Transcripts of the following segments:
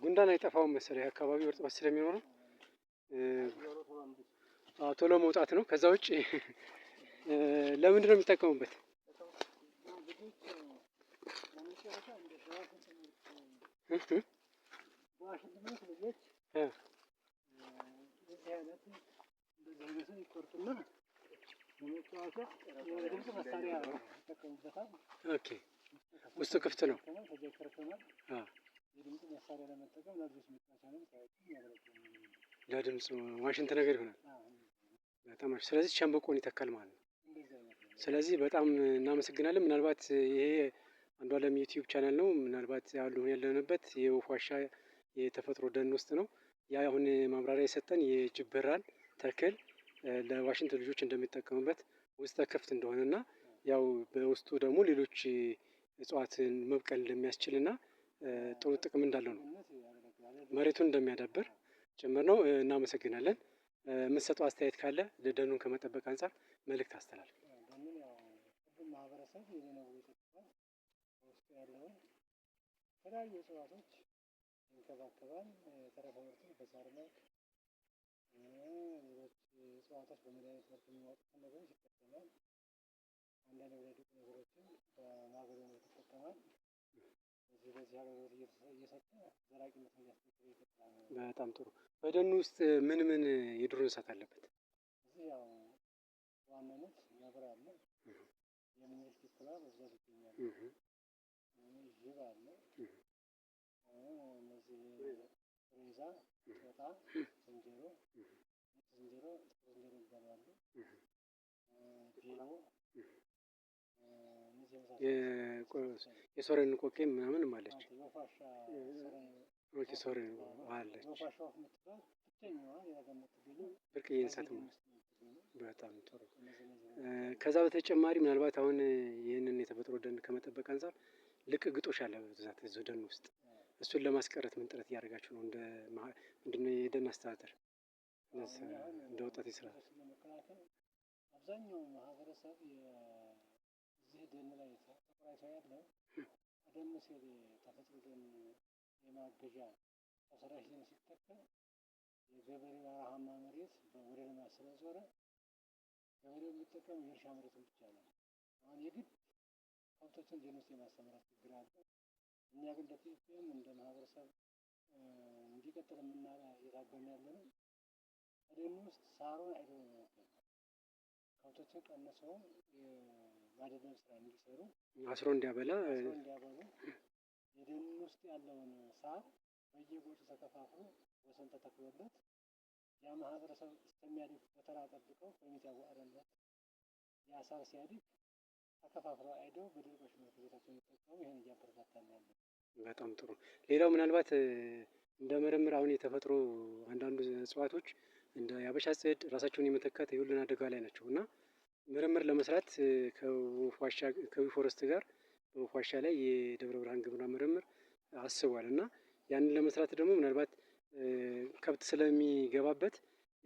ጉንዳን አይጠፋውም መሰለኝ አካባቢው እርጥበት ስለሚኖረው ቶሎ መውጣት ነው። ከዛ ውጭ ለምንድን ነው የሚጠቀሙበት? በአሽልመት መሳሪያ ውስጡ ክፍት ነው ለድምፅ ዋሽንት ነገር ይሆናል። በጣም ስለዚህ ሸንበቆን ይተካል ማለት ነው። ስለዚህ በጣም እናመሰግናለን። ምናልባት ይሄ አንዱ አለም ዩቲዩብ ቻናል ነው። ምናልባት አሁን ያለንበት የወፍ ዋሻ የተፈጥሮ ደን ውስጥ ነው። ያ አሁን ማብራሪያ የሰጠን የጅብራን ተክል ለዋሽንት ልጆች እንደሚጠቀሙበት ውስጠ ክፍት እና ያው በውስጡ ደግሞ ሌሎች እጽዋትን መብቀል እንደሚያስችልና ጥሩ ጥቅም እንዳለው ነው መሬቱን እንደሚያዳብር ጭምር ነው። እናመሰግናለን። የምትሰጠው አስተያየት ካለ ደኑን ከመጠበቅ አንጻር መልእክት አስተላልፍ። ያለውን የተለያዩ እጽዋቶች ይንከባከባል። ተረፈ ምርቱን በሳር መልክ፣ ሌሎች እጽዋቶች በመድኃኒት መልክ የሚወጡትን ነገሮች ይጠቀማል። አንዳንድ የሚረዱት ነገሮችን በማገዶ መልክ ይጠቀማል። በዚህ በዚህ አገልግሎት እየሰጠ ዘላቂነት በጣም ጥሩ። በደኑ ውስጥ ምን ምን የዱር እንስሳት አለበት? እዚህ ያው በዋናነት ነብር አለ፣ የምኒልክ ዝንጀሮ በብዛት ይገኛል። ሰዓት ዝንጀሮ ዝንጀሮ ዝንጀሮ ይባላሉ። የሶሬን ኮኬን ምናምን ማለች ሶሬን አለች ብርቅዬ እንስሳት በጣም ጥሩ። ከዛ በተጨማሪ ምናልባት አሁን ይህንን የተፈጥሮ ደን ከመጠበቅ አንጻር ልቅ ግጦሽ አለ በብዛት እዚሁ ደን ውስጥ እሱን ለማስቀረት ምን ጥረት እያደረጋችሁ ነው? ምንድነው የደን አስተዳደር እንደ ወጣት ይስራል አብዛኛው ማህበረሰብ የዚህ ደን ላይ ተቆራይቶ ያለው ቀደም ሲል ተፈጥሮ ደን የማገዣ መሰራሽ ደን ሲጠቀም የገበሬው በረሃማ መሬት ወደ ልማት ስለዞረ ገበሬው የሚጠቀም የእርሻ መሬቱን ብቻ ነው። አሁን የግድ ከብቶችን ደን ውስጥ የማሰማራት ችግር አለ። እኛ ግን እንደ እንደ ማህበረሰብ እንዲቀጥል የምና ያለ ነው። ደን ውስጥ ሳሩን አይደለም ከብቶችን ቀንሰው የማደለብ ስራ እንዲሰሩ አስሮ እንዲያበላ እንዲያበሉ የደን ውስጥ ያለውን ሳር በየጎጡ ተከፋፍሎ ወሰን ተተክሎለት ያ ማህበረሰብ እስከሚያድግ በተራ ጠብቀው ኮሚቴ አዋቅረንለት ያ ሳር ሲያድግ አከፋፍለው አይደው በድርቆሽ መልክ ቤታቸው የሚጠቀሙ ይህን እያበረታታ ያለ በጣም ጥሩ። ሌላው ምናልባት እንደ ምርምር አሁን የተፈጥሮ አንዳንዱ እጽዋቶች እንደ የአበሻ ጽድ ራሳቸውን የመተካት የሁሉን አደጋ ላይ ናቸው እና ምርምር ለመስራት ከዊ ፎረስት ጋር በወፍ ዋሻ ላይ የደብረ ብርሃን ግብርና ምርምር አስቧል እና ያንን ለመስራት ደግሞ ምናልባት ከብት ስለሚገባበት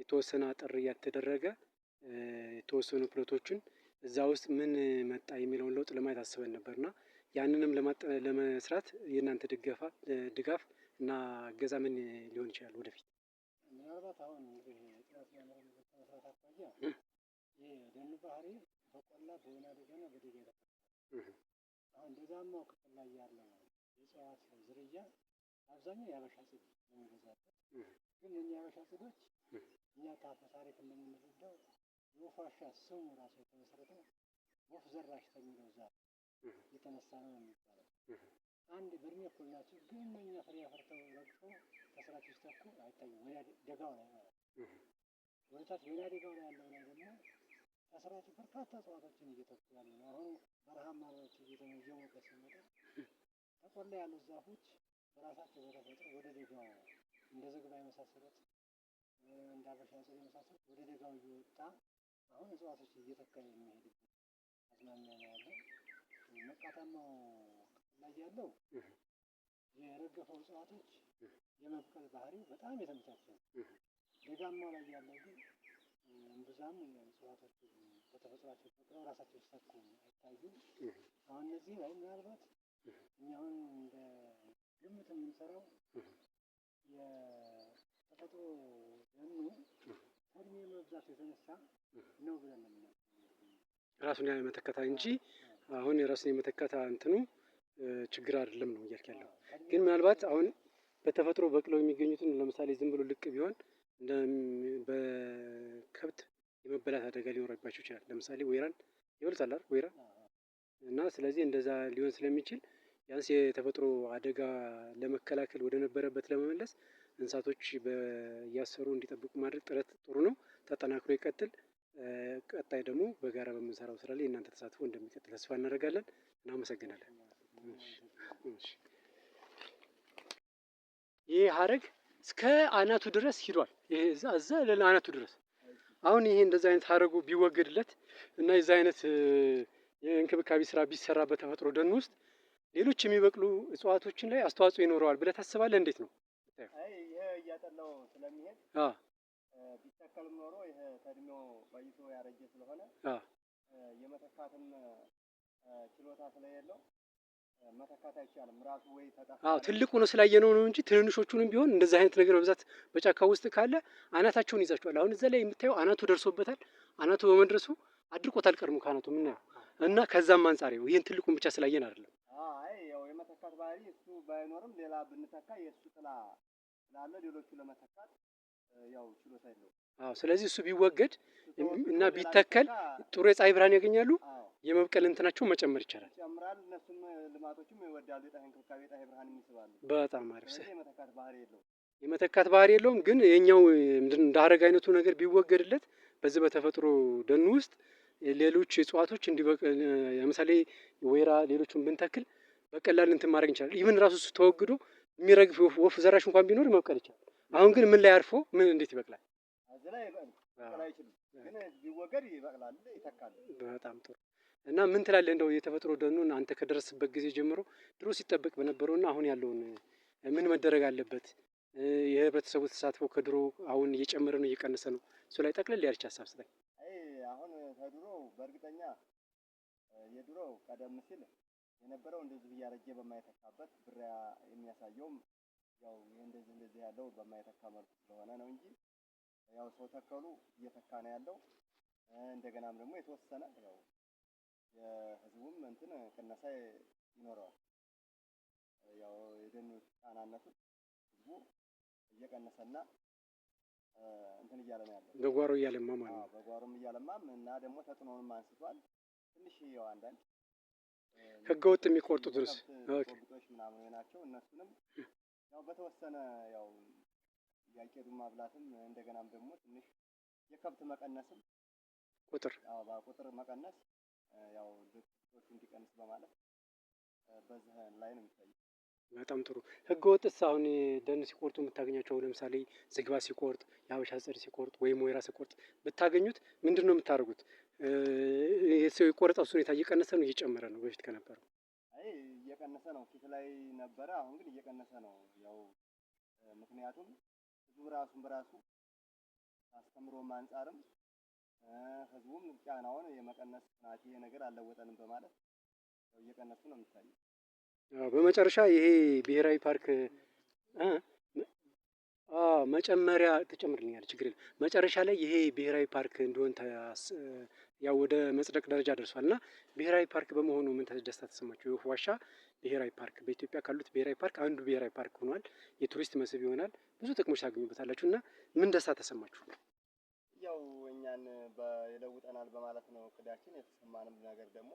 የተወሰነ አጥር እያተደረገ የተወሰኑ ፕሎቶችን እዛ ውስጥ ምን መጣ የሚለውን ለውጥ ለማየት አስበን ነበር እና ያንንም ለመስራት የእናንተ ድጋፍ እና እገዛ ምን ሊሆን ይችላል ወደፊት? ምናልባት አሁን እንግዲህ ጥናት እያመረን ከመስራት አኳያ የደኑ ባህሪ በቆላ በወይና ደጋና በደጋ የተፈጠረ አሁን ደጋማው ክፍል ላይ ያለው የእጽዋት ዝርያ አብዛኛው የአበሻ ጽድ የሚበዛበት ግን የኛ የአበሻ ጽዶች እኛ ታፈ ታሪክ እንደምንረዳው የወፋሻ ስሙ ራሱ የተመሰረተው ወፍ ዘራሽ ከሚለው ዛፍ የተነሳ ነው የሚባለው። አንድ በእድሜ እኩል ናቸው፣ ግን እነኛ ፍሬ አፍርተው ረግፈው ከስራት ሲስተኩ አይታዩም። ወዲያ ደጋው ላይ ማለት ወደታች ወዲያ ደጋው ላይ ያለው ላይ ደግሞ ከስራቱ በርካታ እጽዋቶችን እየተኩ ያሉ ነው። አሁን በረሃማ ናቸው እየተመ እየሞቀ ሲመጣ ተቆላ ያሉት ዛፎች በራሳቸው በተፈጥሮ ወደ ደጋው እንደ ዝግባ የመሳሰሉት እንደ አበሻ ጽድ የመሳሰሉት ወደ ደጋው እየወጣ አሁን እጽዋቶች እየተካ የሚሄድበት አዝማሚያ ነው ያለው። ሞቃታማው ክፍል ላይ ያለው የረገፈው እጽዋቶች የመብቀል ባህሪ በጣም የተመቻቸ ነው። ደጋማው ላይ ያለው ግን እምብዛም እጽዋቶች በተፈጥሯቸው ፈጥረው ራሳቸው ሲተኩ አይታዩም። አሁን እነዚህ ላይ ምናልባት እኛ እንደ ግምት የምንሰራው የተፈጥሮ ደኑ ከእድሜ መብዛት የተነሳ ነው ብለን ራሱን ያለ መተከታ እንጂ አሁን የራሱን የመተከታ እንትኑ ችግር አይደለም ነው እያልክ ያለው። ግን ምናልባት አሁን በተፈጥሮ በቅለው የሚገኙትን ለምሳሌ ዝም ብሎ ልቅ ቢሆን በከብት የመበላት አደጋ ሊኖረባቸው ይችላል። ለምሳሌ ወይራን ይበልጣል አይደል? ወይራ እና ስለዚህ እንደዛ ሊሆን ስለሚችል ያንስ የተፈጥሮ አደጋ ለመከላከል ወደ ነበረበት ለመመለስ እንስሳቶች እያሰሩ እንዲጠብቁ ማድረግ ጥረት ጥሩ ነው። ተጠናክሮ ይቀጥል። ቀጣይ ደግሞ በጋራ በምንሰራው ስራ ላይ እናንተ ተሳትፎ እንደሚቀጥል ተስፋ እናደርጋለን። እናመሰግናለን። ይህ ሀረግ እስከ አናቱ ድረስ ሂዷል። እዛ ለአናቱ ድረስ አሁን ይሄ እንደዚህ አይነት ሀረጉ ቢወገድለት እና የዛ አይነት የእንክብካቤ ስራ ቢሰራ በተፈጥሮ ደን ውስጥ ሌሎች የሚበቅሉ እጽዋቶችን ላይ አስተዋጽኦ ይኖረዋል ብለህ ታስባለህ? እንዴት ነው? ቢተከልም ኖሮ ይሄ ከእድሜው ቆይቶ ያረጀ ስለሆነ የመተካትም ችሎታ ስለሌለው መተካት አይቻልም። ራሱ ወይ ተጣ ትልቁን ስላየነው ነው እንጂ ትንንሾቹንም ቢሆን እንደዚህ አይነት ነገር በብዛት በጫካ ውስጥ ካለ አናታቸውን ይዛቸዋል። አሁን እዛ ላይ የምታየው አናቱ ደርሶበታል። አናቱ በመድረሱ አድርቆት ቀድሞ ከአናቱ የምናየው እና ከዛም አንጻር ይው ይህን ትልቁን ብቻ ስላየን አይደለም። አይ ያው የመተካት ባህሪ እሱ ባይኖርም ሌላ ብንተካ የእሱ ጥላ ስላለ ሌሎቹ ለመተካት ስለዚህ እሱ ቢወገድ እና ቢተከል ጥሩ የፀሐይ ብርሃን ያገኛሉ። የመብቀል እንትናቸው መጨመር ይቻላል። በጣም አሪፍ የመተካት ባህሪ የለውም። ግን የኛው እንደ አረግ አይነቱ ነገር ቢወገድለት በዚህ በተፈጥሮ ደኑ ውስጥ ሌሎች እጽዋቶች እንዲበቅል ለምሳሌ ወይራ፣ ሌሎቹን ብንተክል በቀላል እንትን ማድረግ እንችላለን። ይህን ራሱ ተወግዶ የሚረግፍ ወፍ ዘራሽ እንኳን ቢኖር መብቀል ይችላል። አሁን ግን ምን ላይ አርፎ ምን እንዴት ይበቅላል? በጣም ጥሩ እና ምን ትላለህ? እንደው የተፈጥሮ ደኑን አንተ ከደረስበት ጊዜ ጀምሮ ድሮ ሲጠበቅ እና አሁን ያለውን ምን መደረግ አለበት? የህብረተሰቡ ተሳትፎ ከድሮ አሁን እየጨመረ ነው እየቀነሰ ነው? እሱ ላይ ጠቅለል ያለች ሀሳብ ስጠኝ። አሁን ከድሮ በእርግጠኛ የድሮ ቀደም ሲል የነበረው እንደዚህ እያረጀ በማይተካበት ብራ የሚያሳየውም ያው እንደዚህ እንደዚህ ያለው በማይተካ መልኩ ስለሆነ ነው እንጂ ያው ሰው ተከሉ እየተካ ነው ያለው። እንደገናም ደግሞ የተወሰነ ያው የህዝቡም እንትን ቅነሳ ይኖረዋል። ያው የደን ጣናነቱ ህዝቡ እየቀነሰና እንትን እያለ ነው ያለው። በጓሮ እያለማ ማለት ነው። በጓሮም እያለማም እና ደግሞ ተጽዕኖንም አንስቷል። ትንሽ ያው አንዳንድ ህገወጥ የሚቆርጡትንስ ምናምን ናቸው እነሱንም ያው በተወሰነ ያው ያቄዱ ማብላትም እንደገናም ደግሞ ትንሽ የከብት መቀነስም ቁጥር ቁጥር መቀነስ ያው ድርጅቶች እንዲቀንስ በማለት በዚህ ላይ ነው የሚታየው። በጣም ጥሩ ህገ ወጥስ አሁን ደን ሲቆርጡ የምታገኛቸው ለምሳሌ ዝግባ ሲቆርጥ፣ የሀበሻ ጽድ ሲቆርጥ ወይም ወይራ ሲቆርጥ ብታገኙት ምንድን ነው የምታደርጉት? ሰው የቆረጠው ሁኔታ እየቀነሰ ነው እየጨመረ ነው በፊት ከነበረው? እየቀነሰ ነው። ፊት ላይ ነበረ፣ አሁን ግን እየቀነሰ ነው። ያው ምክንያቱም ህዝቡ ራሱን በራሱ አስተምሮም አንጻርም ህዝቡም ጫናውን የመቀነስ ናቲ ነገር አልለወጠንም በማለት እየቀነሱ ነው የሚታየው። በመጨረሻ ይሄ ብሔራዊ ፓርክ መጨመሪያ ትጨምርልኛል፣ ችግር የለም። መጨረሻ ላይ ይሄ ብሔራዊ ፓርክ እንዲሆን ያው ወደ መጽደቅ ደረጃ ደርሷል እና ብሔራዊ ፓርክ በመሆኑ ምን ደስታ ተሰማችሁ? የወፍ ዋሻ ብሔራዊ ፓርክ በኢትዮጵያ ካሉት ብሔራዊ ፓርክ አንዱ ብሔራዊ ፓርክ ሆኗል። የቱሪስት መስህብ ይሆናል። ብዙ ጥቅሞች ታገኙበታላችሁ እና ምን ደስታ ተሰማችሁ? ያው እኛን ይለውጠናል በማለት ነው እቅዳችን። የተሰማንም ነገር ደግሞ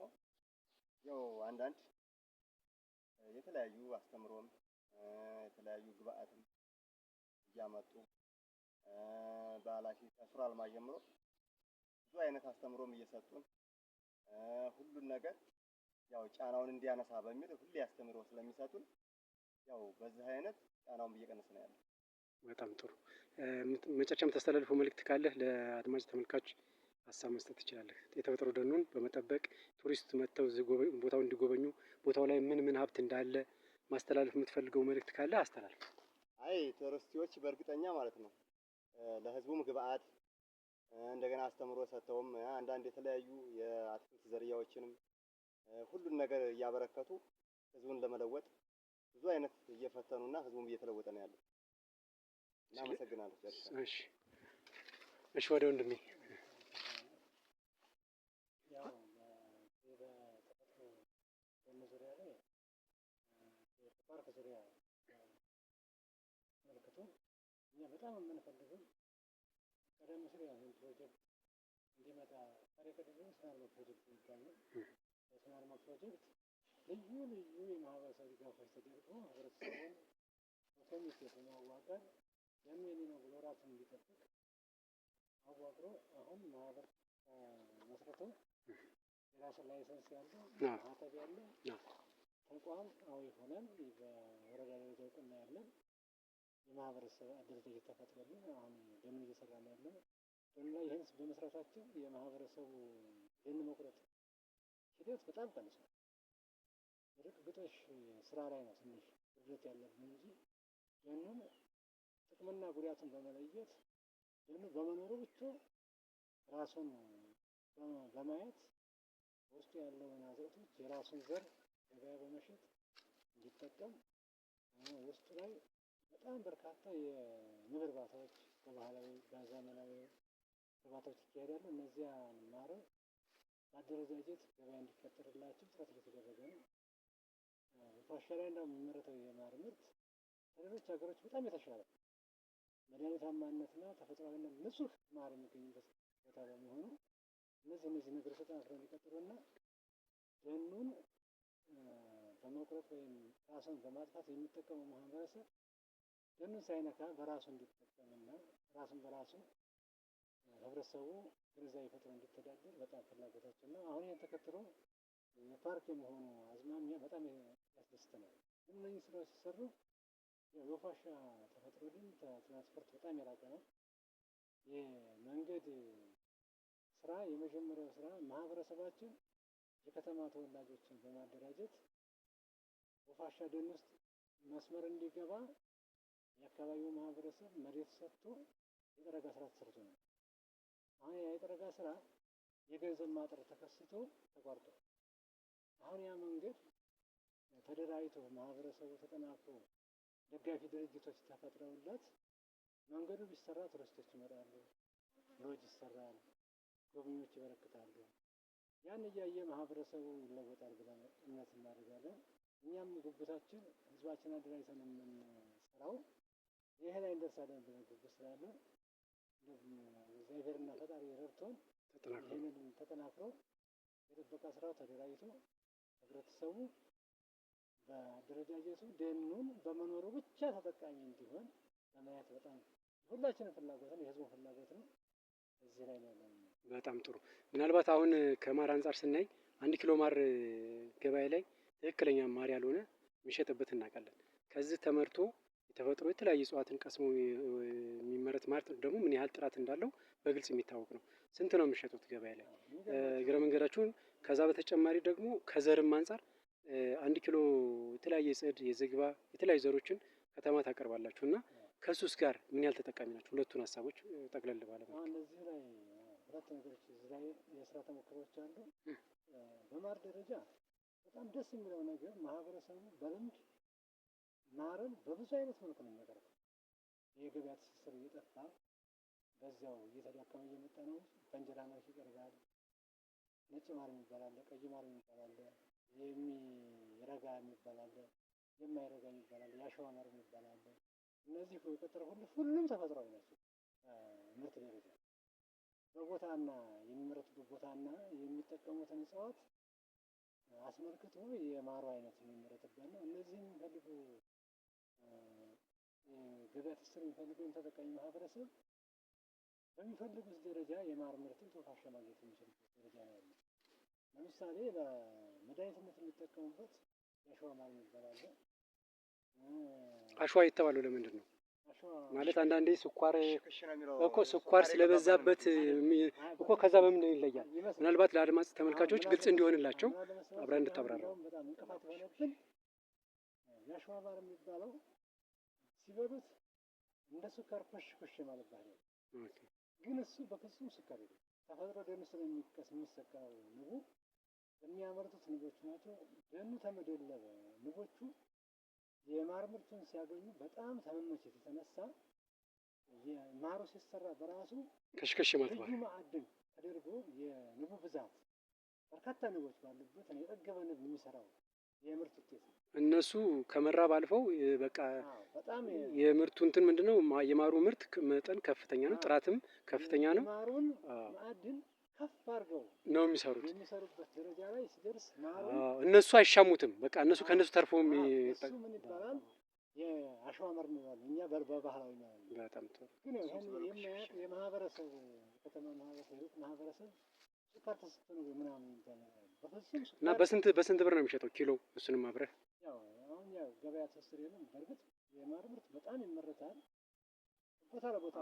ያው አንዳንድ የተለያዩ አስተምሮም የተለያዩ ግብአትም እያመጡ ባህላችን ከሱራ አልማ ጀምሮ ብዙ አይነት አስተምሮም እየሰጡን ሁሉን ነገር ያው ጫናውን እንዲያነሳ በሚል ሁሌ አስተምሮ ስለሚሰጡን ያው በዚህ አይነት ጫናውን እየቀነስ ነው ያለው። በጣም ጥሩ። መጨረሻም ታስተላልፈው መልእክት ካለህ ለአድማጭ ተመልካች ሀሳብ መስጠት ትችላለህ። የተፈጥሮ ደኑን በመጠበቅ ቱሪስት መጥተው ቦታው እንዲጎበኙ ቦታው ላይ ምን ምን ሀብት እንዳለ ማስተላለፍ የምትፈልገው መልእክት ካለ አስተላልፍ። አይ ቱሪስቶች በእርግጠኛ ማለት ነው ለህዝቡም ግብአት እንደገና አስተምሮ ሰጥተውም አንዳንድ የተለያዩ የአትክልት ዝርያዎችንም ሁሉን ነገር እያበረከቱ ህዝቡን ለመለወጥ ብዙ አይነት እየፈተኑና ህዝቡም እየተለወጠ ነው ያለው። እናመሰግናለሁ። እሺ፣ እሺ። ወደ ወንድሜ በጣም የምንፈልገው ቀደም ሲል ፕሮጀክት እንዲመጣ ፕሮጀክት ከተማ ፕሮጀክት ልዩ ልዩ የማህበረሰብ ድጋፎች ተደርጎ ህብረተሰቡን በኮሚቴ በማዋቀር የሚኒመው ብሎ ራሱን እንዲጠብቅ አዋቅሮ አሁን ማህበር መስርቶ የራሱ ላይሰንስ ያለው ማህተብ ያለው ተቋም አዊ ሆነን በወረዳ ደረጃ እውቅና ያለን የማህበረሰብ አደረጃጀት ተፈጥሮልን አሁን ደን እየሰራ ነው ያለ ነው። በመስራታቸው የማህበረሰቡ ደን መቁረጥ ኢትዮጵያ በጣም ቀንሷል። ርቅ ግጦሽ ስራ ላይ ነው ትንሽ ጉድለት ያለብን እንጂ ያንን ጥቅምና ጉዳትን በመለየት ደግሞ በመኖሩ ብቻ ራሱን በማየት ውስጡ ያለውን አዝርዕቶች የራሱን ዘር ገበያ በመሸጥ እንዲጠቀም ውስጡ ላይ በጣም በርካታ የንብ እርባታዎች በባህላዊ በዘመናዊ እርባታዎች ይካሄዳሉ። እነዚያ ማረብ አደረጃጀት ገበያ እንዲፈጠርላቸው ጥረት እየተደረገ ነው። የታሸረ እና የሚመረተው የማር ምርት ከሌሎች ሀገሮች በጣም የተሻለ መድኃኒታማነትና ተፈጥሯዊነት ንጹህ ማር የሚገኝበት ቦታ በመሆኑ እነዚህ እነዚህ ነገሮች ተጠናክረው እንዲቀጥሉና ደኑን በመቁረጥ ወይም ራሱን በማጥፋት የሚጠቀመው ማህበረሰብ ደኑን ሳይነካ በራሱ እንዲጠቀምና ራሱን በራሱ ህብረተሰቡ ግንዛቤ ፈጥሮ እንዲተዳደር በጣም ፍላጎታችን ነው። አሁን ይህን ተከትሎ የፓርክ የመሆኑ አዝማሚያ በጣም ያስደስተናል። እነዚህ ስራዎች ሲሰሩ የወፋሻ ተፈጥሮ ግን ትራንስፖርት በጣም የራቀ ነው። የመንገድ ስራ የመጀመሪያው ስራ ማህበረሰባችን የከተማ ተወላጆችን በማደራጀት ወፋሻ ደን ውስጥ መስመር እንዲገባ የአካባቢው ማህበረሰብ መሬት ሰጥቶ የጠረጋ ስራ ተሰርቶ ነው። አሁን የጨረቃ ስራ የገንዘብ ማጥረት ተከስቶ ተቋርጧል። አሁን ያ መንገድ ተደራጅቶ ማህበረሰቡ ተጠናክሮ ደጋፊ ድርጅቶች ተፈጥረውለት መንገዱ ቢሰራ ቱሪስቶች ይመጣሉ፣ ሎጅ ይሰራል፣ ጎብኚዎች ይበረክታሉ። ያን እያየ ማህበረሰቡ ይለወጣል ብለን እምነት እናደርጋለን። እኛም ጉጉታችን ህዝባችን አደራጅተን የምንሰራው ይሄ ላይ እንደርሳለን ብለን ጉጉት ስላለን እግዚአብሔርና ፈጣሪ ረድቶን ይህንን ተጠናክሮ የጥበቃ ስራው ተደራጅቶ ህብረተሰቡ በደረጃጀቱ ደኑን በመኖሩ ብቻ ተጠቃሚ እንዲሆን ለማየት በጣም ሁላችንም ፍላጎት ነው፣ የህዝቡ ፍላጎት ነው። እዚህ ላይ ነው ያለው። በጣም ጥሩ። ምናልባት አሁን ከማር አንጻር ስናይ አንድ ኪሎ ማር ገበያ ላይ ትክክለኛ ማር ያልሆነ የሚሸጥበት እናውቃለን። ከዚህ ተመርቶ ተፈጥሮ የተለያዩ እጽዋትን ቀስሞ የሚመረት ማር ደግሞ ምን ያህል ጥራት እንዳለው በግልጽ የሚታወቅ ነው። ስንት ነው የሚሸጡት ገበያ ላይ እግረ መንገዳችሁን። ከዛ በተጨማሪ ደግሞ ከዘርም አንጻር አንድ ኪሎ የተለያየ ጽድ፣ የዝግባ የተለያዩ ዘሮችን ከተማ ታቀርባላችሁ እና ከሱስ ጋር ምን ያህል ተጠቃሚ ናቸው? ሁለቱን ሀሳቦች ጠቅለል ባለ እነዚህ ላይ ሁለት ነገሮች እዚህ ላይ የስራ ተሞክሮች አሉ። በማር ደረጃ በጣም ደስ የሚለው ነገር ማህበረሰቡ በልምድ ማርን በብዙ አይነት መልኩ ነው የሚያቀርበው። የገበያ ትስስር እየጠፋ በዚያው እየተዳከመ እየመጣ ነው። በእንጀራ መልክ ይቀርባል። ነጭ ማር የሚባል አለ፣ ቀይ ማር የሚባል አለ፣ የሚረጋ የሚባል አለ፣ የማይረጋ የሚባል የአሸዋ ማር የሚባል አለ። እነዚህ የቆጠረ ሁሉ ሁሉም ተፈጥሯዊ ናቸው። ምርት ደረጃ በቦታና የሚመረቱበት ቦታና የሚጠቀሙትን እጽዋት አስመልክቶ የማሩ አይነት የሚመረጥበት ነው። እነዚህም ፈልጎ ገበያ ትስስር የሚፈልገውን ተጠቃሚ ማህበረሰብ በሚፈልጉት ደረጃ የማር ምርትን ቶፋሻ ማግኘት የሚችልበት ደረጃ ነው ያለው። ለምሳሌ ለመድኃኒትነት የሚጠቀሙበት የአሸዋ ማር የሚባል አለ። አሸዋ የተባለው ለምንድን ነው? ማለት አንዳንዴ ስኳር እኮ ስኳር ስለበዛበት እኮ ከዛ በምን ይለያል? ምናልባት ለአድማጭ ተመልካቾች ግልጽ እንዲሆንላቸው አብረን እንድታብራራው። በጣም እንቅፋት የሆነብን የአሸዋ ማር የሚባለው ሲበሉት እንደ ስኳር ኮሽ ኮሽ ማለት ባህሪ ግን እሱ በፍጹም ስኳር የለም። ተፈጥሮ ደም ስር የሚቀስ የሚሰቀለው ንቡ የሚያመርቱት ንቦች ናቸው። ደኑ ተመደለበ። ንቦቹ የማር ምርቱን ሲያገኙ በጣም ተመመቸት የተነሳ ማሩ ሲሰራ በራሱ ከሽከሽ ማለት ልዩ ማዕድን ተደርጎ የንቡ ብዛት በርካታ ንቦች ባሉበት የጠገበ ንብ የሚሰራው የምርት ውጤት ነው። እነሱ ከመራብ አልፈው በቃ በጣም የምርቱ እንትን ምንድነው የማሩ ምርት መጠን ከፍተኛ ነው፣ ጥራትም ከፍተኛ ነው። ማሩን ማዕድን ከፍ አድርገው ነው የሚሰሩት። የሚሰሩበት ደረጃ ላይ ሲደርስ እነሱ አይሻሙትም። በቃ እነሱ ከእነሱ ተርፎ እሱ ምን ይባላል? የአሸዋ መር ይባል እኛ በባህላዊ ማለት ነው። በጣም ጥሩ ግን ይህን የማያውቅ የማህበረሰብ ከተማ ማህበረሰብ ማህበረሰብ እና በስንት በስንት ብር ነው የሚሸጠው ኪሎ? እሱንም አብረህ አሁን ያው ገበያ ትስስር የለም። በእርግጥ የማር ምርት በጣም ይመረታል። ቦታ ለቦታ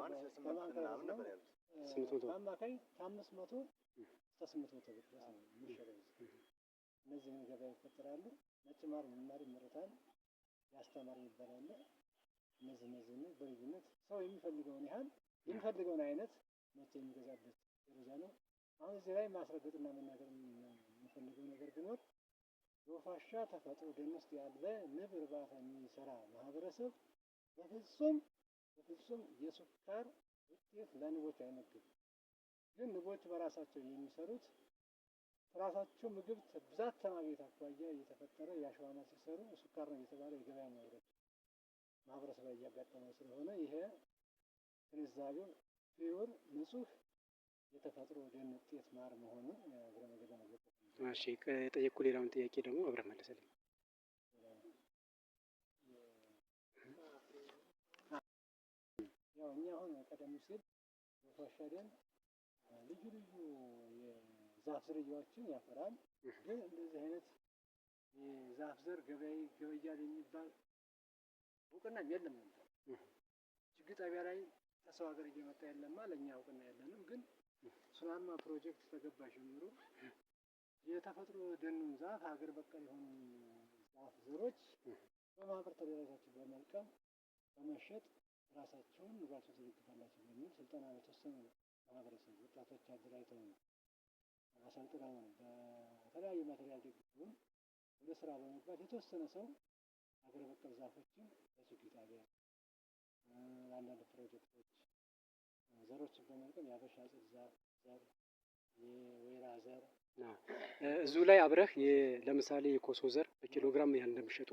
በአማካይ ከአምስት መቶ እስከ ስምንት መቶ ብር እነዚህን ገበያ ይፈጠራሉ። ነጭ ማር ማር ይመረታል። ያስተማር ይባላል። እነዚህ እነዚህ ነው በልዩነት ሰው የሚፈልገውን ያህል የሚፈልገውን አይነት መቼ የሚገዛበት ደረጃ ነው። አሁን እዚህ ላይ ማስረገጥ እና መናገር የሚፈልገው ነገር ቢኖር የወፋሻ ተፈጥሮ ደን ውስጥ ያለ ንብ እርባታ የሚሰራ ማህበረሰብ በፍጹም በፍጹም የስኳር ውጤት ለንቦች አይመገብም። ግን ንቦች በራሳቸው የሚሰሩት ራሳቸው ምግብ ብዛት ከማግኘት አኳያ እየተፈጠረ የአሸዋማ ሲሰሩ ስኳር ነው እየተባለ የገበያ መውረድ ማህበረሰብ ላይ እያጋጠመ ስለሆነ ይሄ ግንዛቤው ቢኖር ንጹህ የተፈጥሮ ደን ውጤት ማር መሆኑን እግረ መንገድ ለመግለጽ። እሺ ሌላውን ጥያቄ ደግሞ አብረን መለሰልኝ። ያው እኛ አሁን ቀደም ሲል የኮሻ ደን ልዩ ልዩ የዛፍ ዝርያዎችን ያፈራል። ግን እንደዚህ አይነት የዛፍ ዘር ገበያ ገበያል የሚባል እውቅናም የለም ነበር። ችግኝ ጣቢያ ላይ ከሰው ሀገር እየመጣ የለማ ለእኛ እውቅና የለንም ግን ሱናማ ፕሮጀክት ተገባ ጀምሮ የተፈጥሮ ደን ዛፍ ሀገር በቀል የሆኑ ዛፍ ዘሮች በማህበር ተደራጅታችሁ በመልቀም በመሸጥ ራሳቸውን ኑሯቸው ትደግፋላችሁ የሚል ስልጠና በተወሰኑ ማህበረሰብ ወጣቶች አደራጅተው ነው አሰልጥነው ነው በተለያዩ ማቴሪያል ደግፉን ወደ ስራ በመግባት የተወሰነ ሰው ሀገር በቀል ዛፎችን ለችግኝ ጣቢያ ለአንዳንድ ፕሮጀክቶች ዘሮችን በመልቀም የአበሻ ጽድ ዘር የወይራ ዘር እዙ ላይ አብረህ ለምሳሌ የኮሶ ዘር በኪሎግራም ያህል እንደሚሸጡ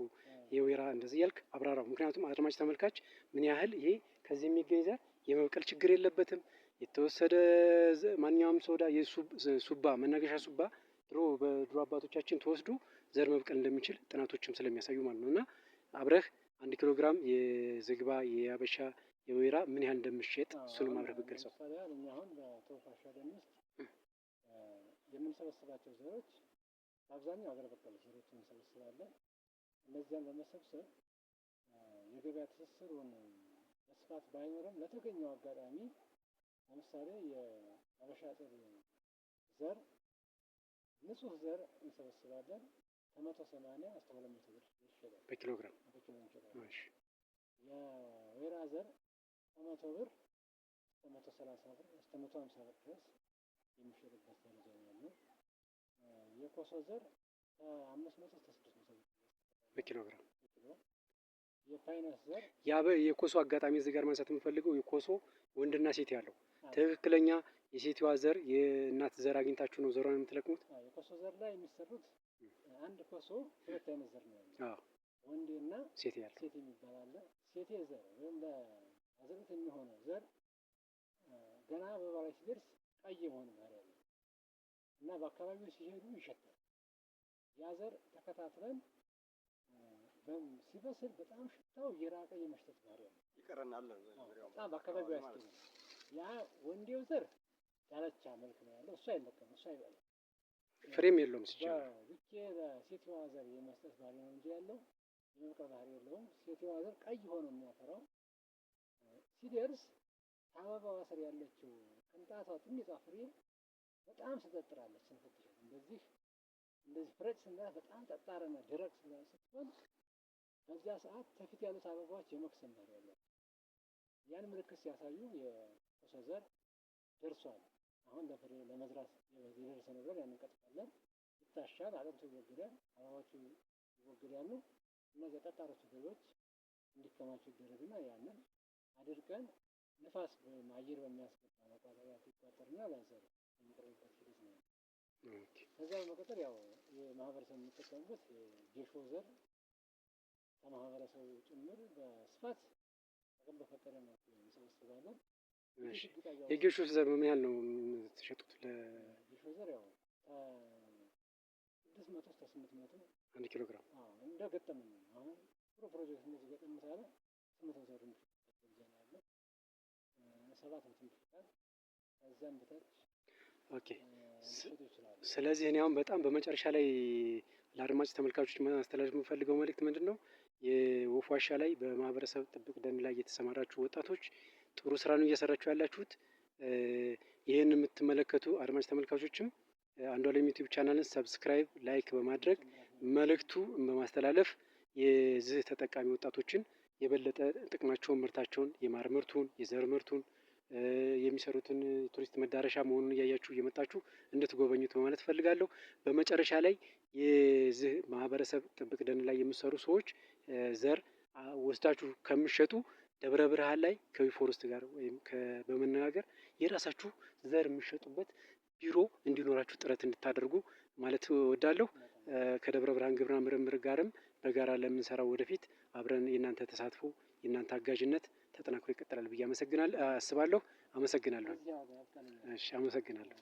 የወይራ እንደዚህ ያልክ አብራራው። ምክንያቱም አድማጭ ተመልካች ምን ያህል ይሄ ከዚህ የሚገኝ ዘር የመብቀል ችግር የለበትም። የተወሰደ ማንኛውም ሶዳ የሱባ መናገሻ ሱባ ድሮ በድሮ አባቶቻችን ተወስዶ ዘር መብቀል እንደሚችል ጥናቶችም ስለሚያሳዩ ማለት ነው እና አብረህ አንድ ኪሎ ግራም የዝግባ የአበሻ የወይራ ምን ያህል እንደምሸጥ እሱንም አብረህ ብትገልጸው። አሁን በተወካሽ ደን ውስጥ የምንሰበስባቸው ዘሮች አብዛኛው በቀል ዘሮች እንሰበስባለን። እነዚያን በመሰብሰብ የገበያ ትስስሩን መስፋት ባይኖርም ለተገኘው አጋጣሚ ለምሳሌ የአበሻ ጥር ዘር ንጹህ ዘር እንሰበስባለን። ከመቶ ሰማንያ እስከ ሁለት መቶ ብር ይሸጣል የወይራ ዘር ከመቶ ብር እስከ መቶ ሰላሳ ብር እስከ መቶ ሀምሳ ብር ድረስ የሚሸጥበት ደረጃ ነው ያለው። የኮሶ ዘር ከአምስት መቶ እስከ ስድስት መቶ ብር የኮሶ አጋጣሚ እዚህ ጋር ማንሳት የምፈልገው የኮሶ ወንድና ሴት ያለው ትክክለኛ የሴትዋ ዘር የእናት ዘር አግኝታችሁ ነው ዘሯን የምትለቅሙት። የኮሶ ዘር ላይ የሚሰሩት አንድ ኮሶ ሁለት አይነት ዘር ነው ያለው፣ ወንዴና ሴት ያለው ሴት የሚባል አለ። ሴቴ ዘር ወይም አዝርት የሚሆነው ዘር ገና አበባ ላይ ሲደርስ ቀይ የመሆን ባህሪ ያለው እና በአካባቢው ሲሄዱ ይሸታል። ያ ዘር ተከታትለን ሲበስል በጣም ሽታው እየራቀ የመሽተት ባህሪ ያለው ይቀረናል። በጣም በአካባቢው ያስገኛል። ያ ወንዴው ዘር ዳለቻ መልክ ነው ያለው። እሱ አይመቀም፣ እሱ አይበላም፣ ፍሬም የለውም። ሲጀምር ልኬ ለሴትዋ ዘር የመስጠት ባህሪ ነው እንጂ ያለው የመብቀል ባህሪ የለውም። ሴትዋ ዘር ቀይ ሆኖ የሚያፈራው ሲደርስ አበባዋ ስር ያለችው ቅንጣቷ ትንሿ ፍሬ በጣም ስጠጥራለች ስንፈትሻት እንደዚህ እንደዚህ ፍረጭ ስንላት በጣም ጠጣርና ደረቅ ስትሆን በዚያ ሰዓት ከፊት ያሉት አበባዎች የመክሰም ባህሪ ያን ምልክት ሲያሳዩ የኮሶ ዘር ደርሷል፣ አሁን ለፍሬ ለመዝራት የደረሰ ነገር ያን እንቀጥፋለን፣ ይታሻል፣ አጥንቱ ይወገዳል፣ አበባዎቹ ይወገዳሉ። እነዚያ ጠጣሮች ፍሬዎች እንዲከማቹ ይደረግና ያንን አድርገን ንፋስ ወይም አየር በሚያስገባ ማቋጠሪያ ሲቋጠርና ላንሰር የሚቀርብበት ሂደት ነው። ከዛ በመቀጠል ያው የማህበረሰብ የሚጠቀሙበት ጌሾ ዘር ከማህበረሰቡ ጭምር በስፋት አቅም በፈቀደ መልኩ እንሰበስባለን። የጌሾ ዘር ምን ያህል ነው የምትሸጡት? ለጌሾ ዘር ያው ከስድስት መቶ እስከ ስምንት መቶ አንድ ኪሎ ግራም እንደ ገጠመኝ ነው። አሁን ጥሩ ፕሮጀክት እንደዚህ ገጠም ሳለ ስምንት መቶ ሰባት በታች ኦኬ። ስለዚህ እኔ አሁን በጣም በመጨረሻ ላይ ለአድማጭ ተመልካቾች ማስተላለፍ የምፈልገው መልእክት ምንድን ነው? የወፍ ዋሻ ላይ በማህበረሰብ ጥብቅ ደን ላይ የተሰማራችሁ ወጣቶች ጥሩ ስራ ነው እየሰራችሁ ያላችሁት። ይህን የምትመለከቱ አድማጭ ተመልካቾችም አንዷለም ዩቲዩብ ቻናልን ሰብስክራይብ፣ ላይክ በማድረግ መልእክቱ በማስተላለፍ የዚህ ተጠቃሚ ወጣቶችን የበለጠ ጥቅማቸውን ምርታቸውን የማር ምርቱን የዘር ምርቱን የሚሰሩትን ቱሪስት መዳረሻ መሆኑን እያያችሁ እየመጣችሁ እንድትጎበኙት በማለት እፈልጋለሁ። በመጨረሻ ላይ የዚህ ማህበረሰብ ጥብቅ ደን ላይ የሚሰሩ ሰዎች ዘር ወስዳችሁ ከሚሸጡ ደብረ ብርሃን ላይ ከዊፎረስት ጋር ወይም በመነጋገር የራሳችሁ ዘር የሚሸጡበት ቢሮ እንዲኖራችሁ ጥረት እንድታደርጉ ማለት እወዳለሁ። ከደብረ ብርሃን ግብርና ምርምር ጋርም በጋራ ለምንሰራው ወደፊት አብረን የእናንተ ተሳትፎ የእናንተ አጋዥነት ተጠናክሮ ይቀጥላል ብዬ አመሰግናለሁ አስባለሁ። አመሰግናለሁ። እሺ፣ አመሰግናለሁ።